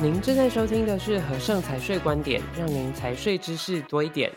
您正在收聽的是荷盛財稅觀點，讓您財稅知識多一點。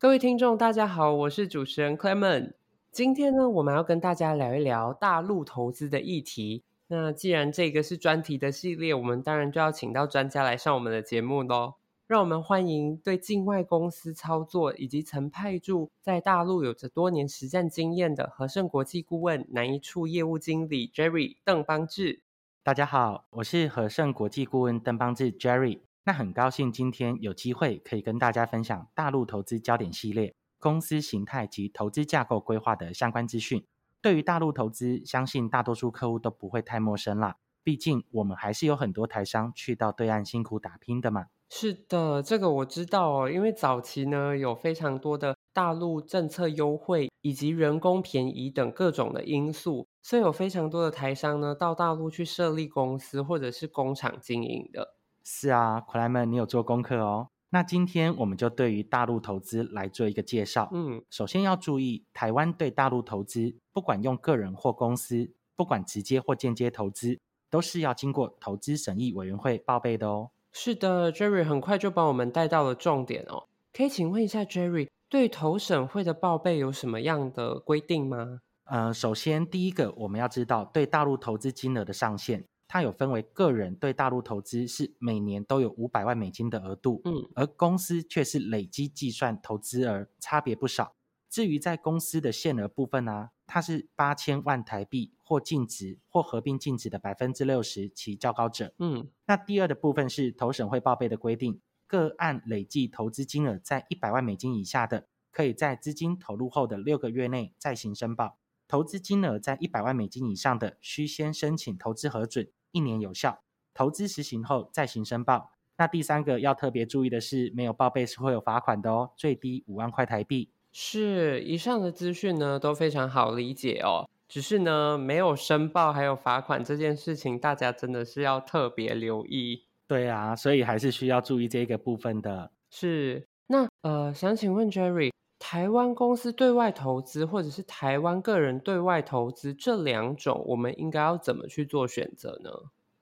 各位聽眾，大家好，我是主持人 Clement。今天呢，我們要跟大家聊一聊大陸投資的議題。那既然這個是專題的系列，我們當然就要請到專家來上我們的節目咯。讓我們歡迎對境外公司操作以及曾派駐在大陸有着多年實戰經驗的荷盛國際顧問，南一處業務經理 Jerry 鄧邦志。大家好，我是荷盛國際顧問鄧邦志 Jerry。那很高興今天有機會可以跟大家分享大陸投資焦點系列公司型態及投資架構規劃的相關資訊。對於大陸投資，相信大多數客戶都不會太陌生啦。畢竟我們還是有很多台商去到對岸辛苦打拼的嘛。是的，這個我知道哦。因為早期呢，有非常多的大陸政策優惠以及人工便宜等各種的因素，所以有非常多的台商呢到大陸去設立公司或者是工廠經營的。是啊，克萊門，你有做功課哦。那今天我們就對於大陸投資來做一個介紹。嗯，首先要注意，台灣對大陸投資，不管用個人或公司，不管直接或間接投資，都是要經過投資審議委員會報備的哦。是的，Jerry 很快就把我們帶到了重點哦。可以請問一下，Jerry 對投審會的報備有什麼樣的規定嗎？呃，首先第一個，我們要知道對大陸投資金額的上限，它有分為個人對大陸投資是每年都有五百萬美金的額度，嗯，而公司卻是累積計算投資額，差別不少。至於在公司的限額部分呢、啊，它是八千萬台幣或淨值或合併淨值的百分之六十，其較高者。嗯，那第二的部分是投審會報備的規定，個案累計投資金額在一百萬美金以下的，可以在資金投入後的六個月內再行申報；投資金額在一百萬美金以上的，需先申請投資核准，一年有效，投資實行後再行申報。那第三個要特別注意的是，沒有報備是會有罰款的哦，最低五萬塊台幣。是，以上的資訊呢都非常好理解哦。只是呢，沒有申報還有罰款這件事情，大家真的是要特別留意。對啊，所以還是需要注意這個部分的。是，那呃，想請問 Jerry，台灣公司對外投資或者是台灣個人對外投資這兩種，我們應該要怎麼去做選擇呢？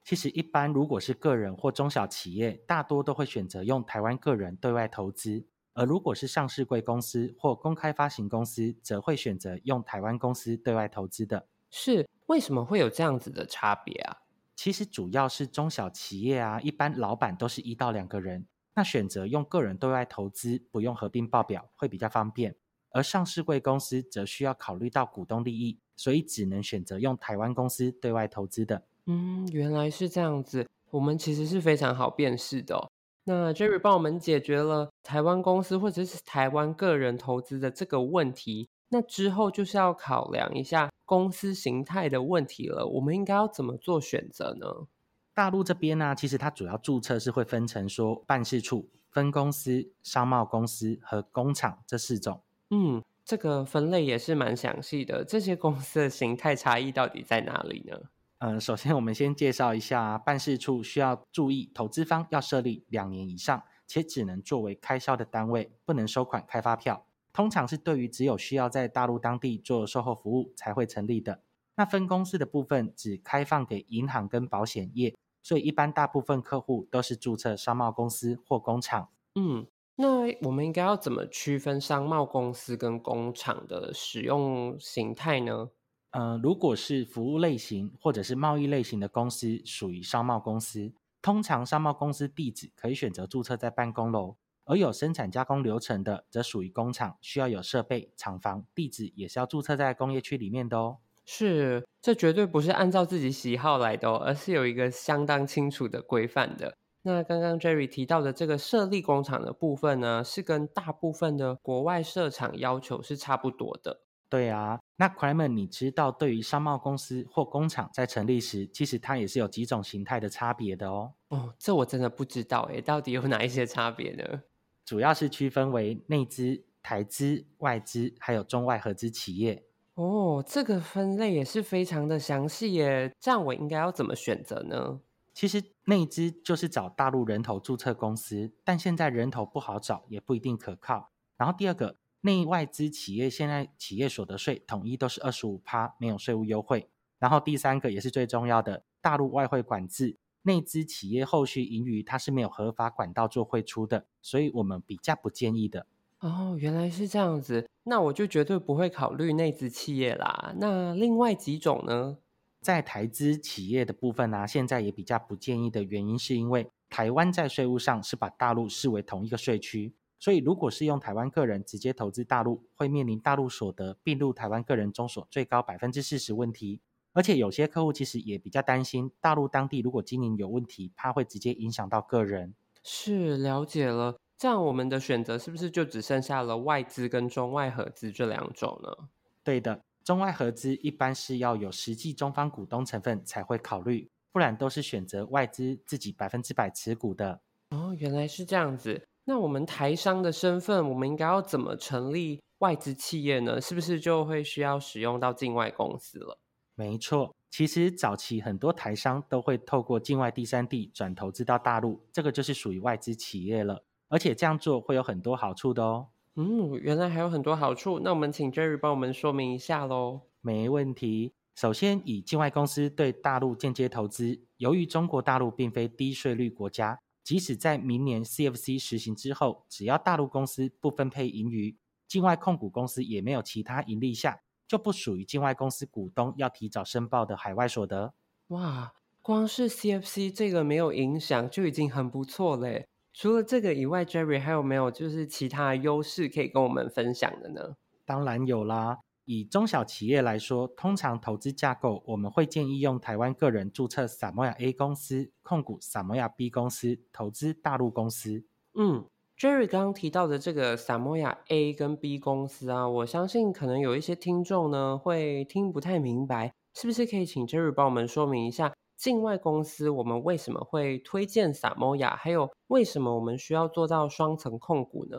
其實一般如果是個人或中小企業，大多都會選擇用台灣個人對外投資。而如果是上市櫃公司或公開發行公司，則會選擇用台灣公司對外投資的。是，為什麼會有這樣子的差別啊？其實主要是中小企業啊，一般老板都是一到兩個人，那選擇用個人對外投資，不用合併報表會比較方便。而上市櫃公司則需要考慮到股東利益，所以只能選擇用台灣公司對外投資的。嗯，原來是這樣子，我們其實是非常好辨識的哦。那 Jerry 幫我們解決了台灣公司或者是台灣個人投資的這個問題，那之後就是要考量一下公司形態的問題了。我們應該要怎麼做選擇呢？大陸這邊呢、啊，其實它主要注冊是會分成說辦事處、分公司、商貿公司和工廠這四種。嗯，這個分類也是蠻詳細的。這些公司的形態差異到底在哪裡呢？嗯，首先我們先介紹一下辦事處需要注意，投資方要設立兩年以上，且只能作為開銷的單位，不能收款開發票。通常是對於只有需要在大陸當地做售後服務才會成立的。那分公司的部分只開放給銀行跟保險業，所以一般大部分客戶都是註冊商貿公司或工廠。嗯，那我們應該要怎麼區分商貿公司跟工廠的使用形態呢？嗯，如果是服務類型或者是貿易類型的公司，屬於商貿公司。通常商貿公司地址可以選擇注冊在辦公樓，而有生產加工流程的，則屬於工廠，需要有設備、廠房，地址也是要注冊在工業區裡面的哦。是，這絕對不是按照自己喜好來的哦，而是有一個相當清楚的規範的。那剛剛 Jerry 提到的這個設立工廠的部分呢，是跟大部分的國外設廠要求是差不多的。對啊，那 m 萊門，你知道對於商貿公司或工廠在成立時，其實它也是有幾種形態的差別的哦。哦，這我真的不知道誒，到底有哪一些差別呢？主要是區分為內資、台資、外資，還有中外合資企業。哦，這個分類也是非常的詳細耶。這樣我應該要怎麼選擇呢？其實內資就是找大陸人頭注冊公司，但現在人頭不好找，也不一定可靠。然後第二個。內外資企業現在企業所得稅統一都是二十五趴，沒有稅務優惠。然後第三個也是最重要的，大陸外匯管制，內資企業後續盈餘它是沒有合法管道做匯出的，所以我們比較不建議的。哦，原來是這樣子，那我就絕對不會考慮內資企業啦。那另外幾種呢，在台資企業的部分呢、啊，現在也比較不建議的原因是因為台灣在稅務上是把大陸視為同一個稅區。所以，如果是用台灣個人直接投資大陸，會面臨大陸所得並入台灣個人中所最高百分之四十問題。而且，有些客戶其實也比較擔心，大陸當地如果經營有問題，怕會直接影響到個人。是，了解了。這樣我們的選擇是不是就只剩下了外資跟中外合資這兩種呢？對的，中外合資一般是要有實際中方股東成分才會考慮，不然都是選擇外資自己百分之百持股的。哦，原來是這樣子。那我們台商的身份，我們應該要怎麼成立外資企業呢？是不是就會需要使用到境外公司了？沒錯，其實早期很多台商都會透過境外第三地轉投資到大陸，這個就是屬於外資企業了。而且這樣做會有很多好處的哦。嗯，原來還有很多好處，那我們請 Jerry 幫我們說明一下嘍。沒問題，首先以境外公司對大陸間接投資，由於中國大陸並非低稅率國家。即使在明年 CFC 實行之後，只要大陸公司不分配盈餘，境外控股公司也沒有其他盈利項，就不屬於境外公司股東要提早申報的海外所得。哇，光是 CFC 這個沒有影響就已經很不錯嘞。除了這個以外，Jerry 還有沒有就是其他優勢可以跟我們分享的呢？當然有啦。以中小企業來說，通常投資架構我們會建議用台灣個人注冊薩摩亞 A 公司控股薩摩亞 B 公司投資大陸公司。嗯，Jerry 剛剛提到的這個薩摩亞 A 跟 B 公司啊，我相信可能有一些聽眾呢會聽不太明白，是不是可以請 Jerry 幫我們說明一下，境外公司我們為什麼會推薦薩摩亞，還有為什麼我們需要做到雙層控股呢？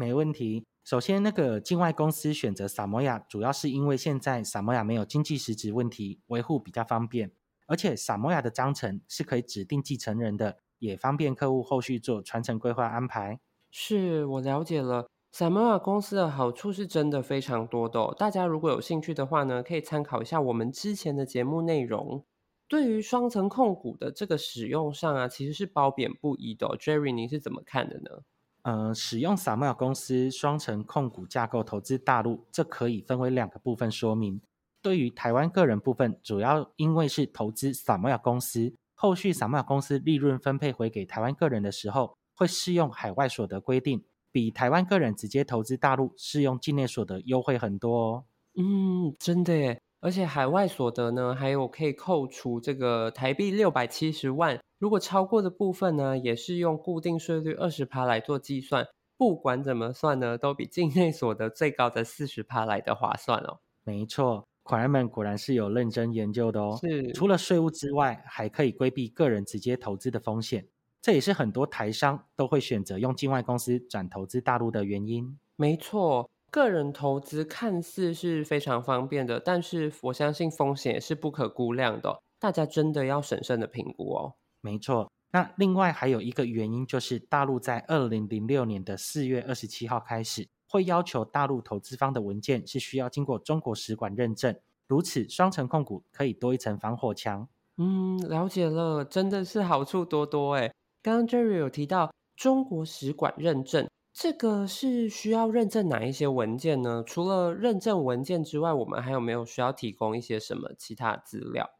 沒問題。首先，那個境外公司選擇薩摩亞，主要是因為現在薩摩亞沒有經濟實質問題，維護比較方便。而且，薩摩亞的章程是可以指定繼承人的，也方便客戶後續做傳承規劃安排。是，我了解了，薩摩亞公司的好處是真的非常多的哦。大家如果有興趣的話呢，可以參考一下我們之前的節目內容。對於雙層控股的這個使用上啊，其實是褒貶不一的哦。Jerry，您是怎麼看的呢？嗯、呃，使用薩摩亞公司雙層控股架構投資大陸，這可以分為兩個部分說明。對於台灣個人部分，主要因為是投資薩摩亞公司，後續薩摩亞公司利潤分配回給台灣個人的時候，會適用海外所得規定，比台灣個人直接投資大陸適用境內所得優惠很多、哦。嗯，真的耶，而且海外所得呢，還有可以扣除這個台幣六百七十萬。如果超過的部分呢，也是用固定稅率二十趴來做計算，不管怎麼算呢，都比境內所得最高的四十趴來得划算哦。沒錯，款人們果然是有認真研究的哦。是，除了稅務之外，還可以規避個人直接投資的風險，這也是很多台商都會選擇用境外公司轉投資大陸的原因。沒錯，個人投資看似是非常方便的，但是我相信風險是不可估量的哦。大家真的要審慎的評估哦。沒錯，那另外還有一個原因就是，大陸在二零零六年的四月二十七號開始，會要求大陸投資方的文件是需要經過中國使館認證，如此雙層控股可以多一層防火牆。嗯，了解了，真的是好處多多哎。剛剛 Jerry 有提到中國使館認證，這個是需要認證哪一些文件呢？除了認證文件之外，我們還有沒有需要提供一些什麼其他資料？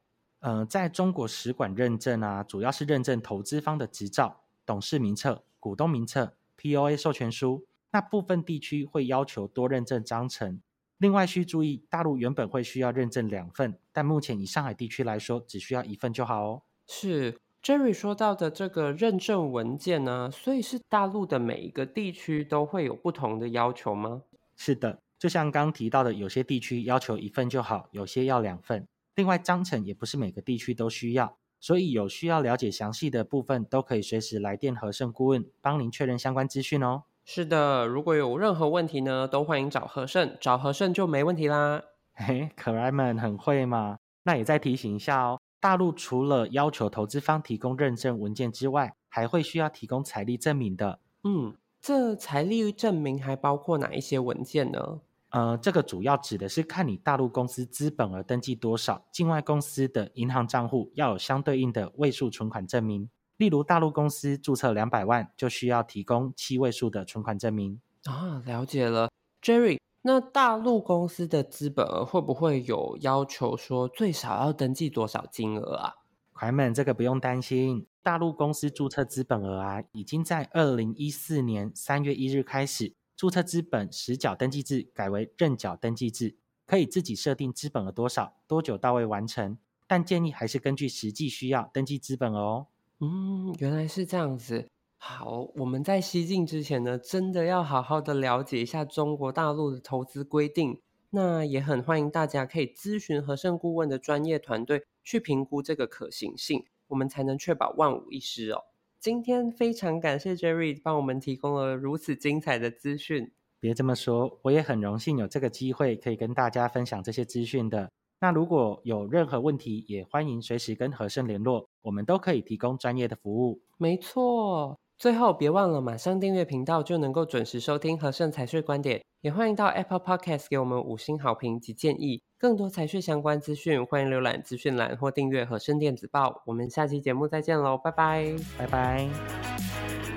呃，在中國使館認證啊，主要是認證投資方的執照、董事名冊、股東名冊、POA 授權書。那部分地區會要求多認證章程。另外需注意，大陸原本會需要認證兩份，但目前以上海地區來說，只需要一份就好哦。是 Jerry 說到的這個認證文件呢？所以是大陸的每一個地區都會有不同的要求嗎？是的，就像剛提到的，有些地區要求一份就好，有些要兩份。另外，章程也不是每個地區都需要，所以有需要了解詳細的部分，都可以隨時來電荷盛顧問幫您確認相關資訊哦。是的，如果有任何問題呢，都歡迎找荷盛，找荷盛就沒問題啦。嘿，可萊們很會嘛？那也再提醒一下哦，大陸除了要求投資方提供認證文件之外，還會需要提供財力證明的。嗯，這財力證明還包括哪一些文件呢？呃，這個主要指的是看你大陸公司資本額登記多少，境外公司的銀行賬戶要有相對應的位數存款證明。例如，大陸公司註冊兩百萬，就需要提供七位數的存款證明。啊，了解了，Jerry。那大陸公司的資本額會不會有要求說最少要登記多少金額啊？朋友們，這個不用擔心，大陸公司註冊資本額啊，已經在二零一四年三月一日開始。註冊資本實繳登記制改為認繳登記制，可以自己設定資本額多少，多久到位完成，但建議還是根據實際需要登記資本哦。嗯，原來是這樣子。好，我們在西進之前呢，真的要好好的了解一下中國大陸的投資規定。那也很歡迎大家可以諮詢荷盛顧問的專業團隊去評估這個可行性，我們才能確保萬無一失哦。今天非常感謝 Jerry 幫我們提供了如此精彩的資訊。別這麼說，我也很榮幸有這個機會可以跟大家分享這些資訊的。那如果有任何問題，也歡迎隨時跟荷盛聯絡，我們都可以提供專業的服務。沒錯。最後，別忘了馬上訂閱頻道，就能夠準時收聽和盛財稅觀點。也歡迎到 Apple Podcast 給我們五星好評及建議。更多財稅相關資訊，歡迎瀏覽資訊欄或訂閱和盛電子報。我們下期節目再見嘍，拜拜，拜拜。